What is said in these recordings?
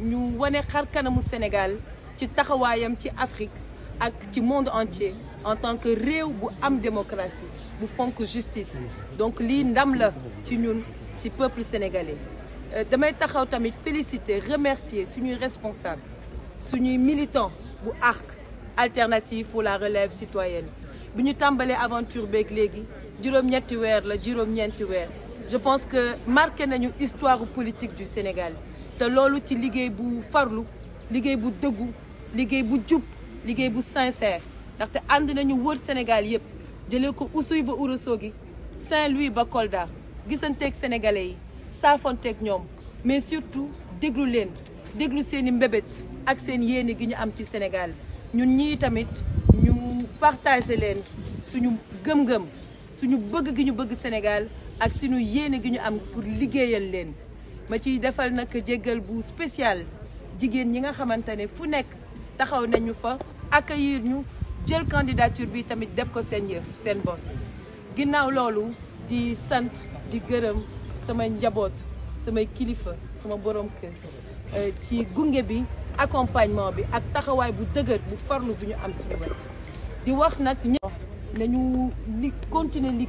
Nous wane xar kanamu Sénégal ci taxawayam ci Afrique ak ci monde entier en tant que réew bu am démocratie bu fonk justice donc li ndam la ci ñun ci peuple sénégalais euh, damay taxaw tamit féliciter remercier suñuy responsable suñuy militants bu ARC alternative pour la relève citoyenne bi ñu tàmbalee aventure beeg légui juróom-ñetti wër la juróom-ñeenti wër je pense que marqué nañu histoire politique du Sénégal De qui ci liggéey bu farlu liggéey bu dëggu important, bu bu sincère important, le nañu Sénégal yëpp jëlee ko Oussouye ba Saint-Louis ba sénégalais yi mais surtout déglu leen déglu ak Sénégal Nous n'y tamit suñu bëgg gi ñu bëgg Sénégal ak suñu yéene gi ñu am pour liggéeyal leen ma ciy defal nag jéggal bu spécial jigéen ñi nga xamante ne fu nekk taxaw nañu fa accueillir ñu jël candidature bi tamit def ko seen yëf seen bos ginnaaw loolu di sant di gërëm samay njaboot samay kilifa sama borom kër euh, ci gunge bi accompagnement bi ak taxawaay bu dëgër bu farlu bu ñu am suñu wet di wax nag nous nous continuer à bi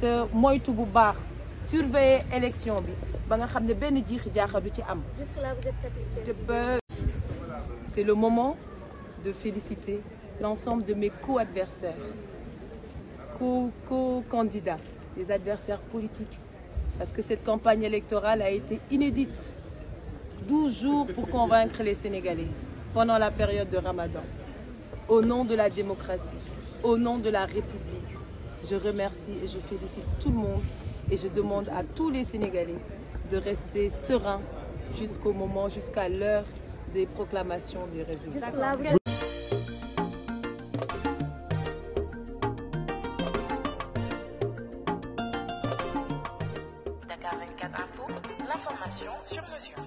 te moytu bu baax surveiller élection bi ba nga c'est le moment de féliciter l'ensemble de mes co-adversaires co-candidats les adversaires politiques parce que cette campagne électorale a été inédite 12 jours pour convaincre les Sénégalais pendant la période de Ramadan au nom de la démocratie au nom de la République. Je remercie et je félicite tout le monde et je demande à tous les Sénégalais de rester sereins jusqu'au moment, jusqu'à l'heure des proclamations des résultats. Dakar 24 Info, l'information sur mesure.